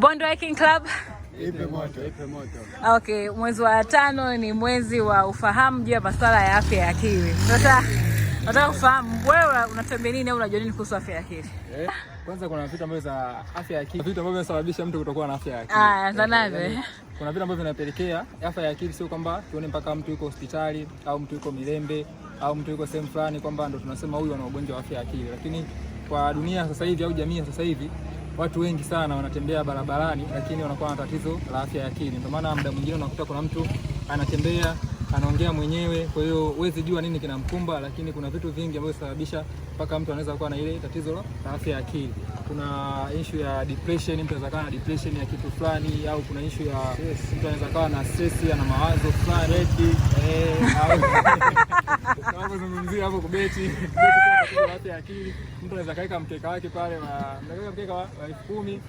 Bond Hiking Club ipe moto, ipe moto. Okay, mwezi wa tano ni mwezi wa ufahamu juu ya masuala ya afya ya akili. Sasa nataka kufahamu wewe unatembea nini au unajua nini kuhusu afya ya akili? Eh, kwanza kuna vitu ambavyo za afya ya akili, vitu ambavyo vinasababisha mtu kutokuwa na afya ya akili. Ah, nani? Kuna vitu ambavyo vinapelekea afya ya akili, sio kwamba tuone mpaka mtu yuko hospitali au mtu yuko Milembe au mtu yuko sehemu fulani kwamba ndo tunasema huyu ana ugonjwa wa afya ya akili, lakini kwa dunia sasa hivi au jamii sasa hivi watu wengi sana wanatembea barabarani, lakini wanakuwa na tatizo la afya ya akili. Ndio maana muda mwingine unakuta kuna mtu anatembea anaongea mwenyewe, kwa hiyo huwezi jua nini kinamkumba, lakini kuna vitu vingi ambavyo sababisha mpaka mtu anaweza kuwa na ile tatizo la afya ya akili. Kuna issue ya depression, mtu anaweza kuwa na depression ya kitu fulani, au kuna issue ya mtu anaweza kuwa na stress, ana mawazo fulani eh, au Tunazungumzia hapo kubeti, afya ya akili. Mtu anaweza kaweka mkeka wake pale, mkeka mkeka wa elfu kumi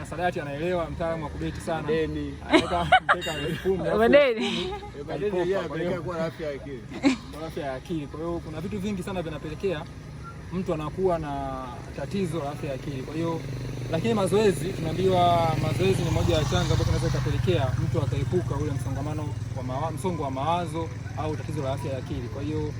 na Sadati anaelewa, mtaalamu wa kubeti sana. Anaweka mkeka wa elfu kumi kwa afya ya akili. Kwa hiyo kuna vitu vingi sana vinapelekea mtu anakuwa na tatizo la afya ya akili. Kwa hiyo lakini mazoezi, tunaambiwa mazoezi ni moja ya chanzo ambacho kinaweza ikapelekea mtu akaepuka ule msongamano wa mawa, msongo wa mawazo au tatizo la afya ya akili. Kwa hiyo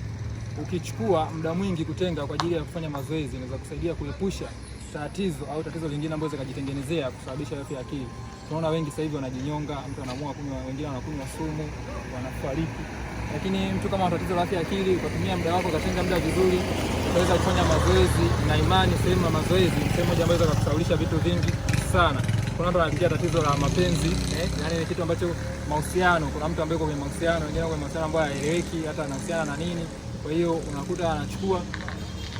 ukichukua muda mwingi kutenga kwa ajili ya kufanya mazoezi inaweza kusaidia kuepusha tatizo au tatizo lingine ambalo zikajitengenezea kusababisha afya ya akili. Tunaona wengi sasa hivi wanajinyonga, mtu anaamua kunywa, wengine wanakunywa sumu, wanafariki. Lakini mtu kama tatizo la afya ya akili, ukatumia muda wako, ukatenga muda vizuri, utaweza kufanya mazoezi na imani, sehemu ya mazoezi sehemu moja ambayo itakusaulisha vitu vingi sana. Kuna mtu anapitia tatizo la mapenzi eh, yani ni kitu ambacho mahusiano, kuna mtu ambaye kwenye mahusiano, wengine kwenye mahusiano ambayo haeleweki hata anahusiana na nini. Kwa hiyo unakuta anachukua,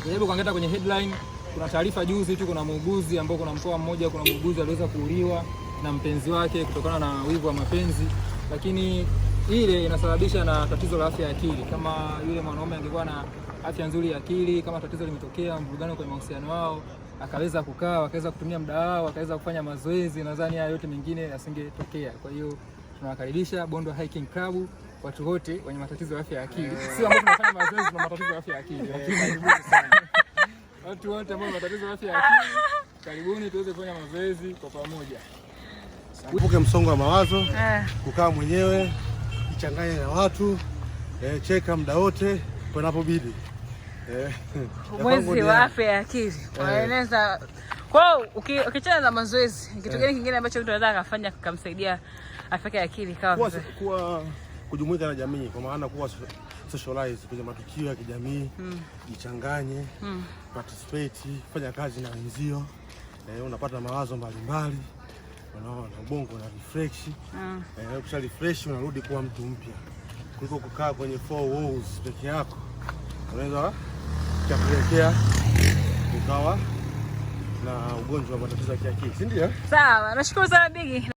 jaribu kaangata kwenye headline kuna taarifa juzi tu, kuna muuguzi ambao, kuna mkoa mmoja, kuna muuguzi aliweza kuuliwa na mpenzi wake kutokana na wivu wa mapenzi, lakini ile inasababisha na tatizo la afya ya akili. Kama yule mwanaume angekuwa na afya nzuri ya akili, kama tatizo limetokea mvurugano kwenye mahusiano wao, akaweza kukaa, akaweza kutumia muda wao, akaweza kufanya mazoezi, nadhani haya yote mengine yasingetokea. Kwa hiyo tunawakaribisha bondo Hiking Club watu wote wenye matatizo ya afya ya akili, eh. sio ambao tunafanya mazoezi na matatizo ya afya ya akili. Eh watu wote ambao matatizo afya ya akili, karibuni tuweze kufanya mazoezi kwa pamoja. Epuke msongo wa mawazo, eh. kukaa mwenyewe, ichanganye na watu, eh, cheka muda wote panapobidi. Eh, mwezi wa afya ya akili eh. unaeleza kwao. Ukichana na mazoezi, kitu gani kingine ambacho mtu anaweza akafanya kumsaidia afya ya akili? Kama kuwa kujumuika na jamii, kwa maana kuwa socialize kwenye matukio ya kijamii hmm. Jichanganye mm. Participate, fanya kazi na wenzio eh, unapata mawazo mbalimbali, unaona ubongo na refresh mm. Eh, ukisha refresh unarudi kuwa mtu mpya kuliko kukaa kwenye four walls peke yako, unaweza kapelekea ukawa na ugonjwa wa matatizo ya kiakili, si ndio? Sawa, nashukuru sana Bigi.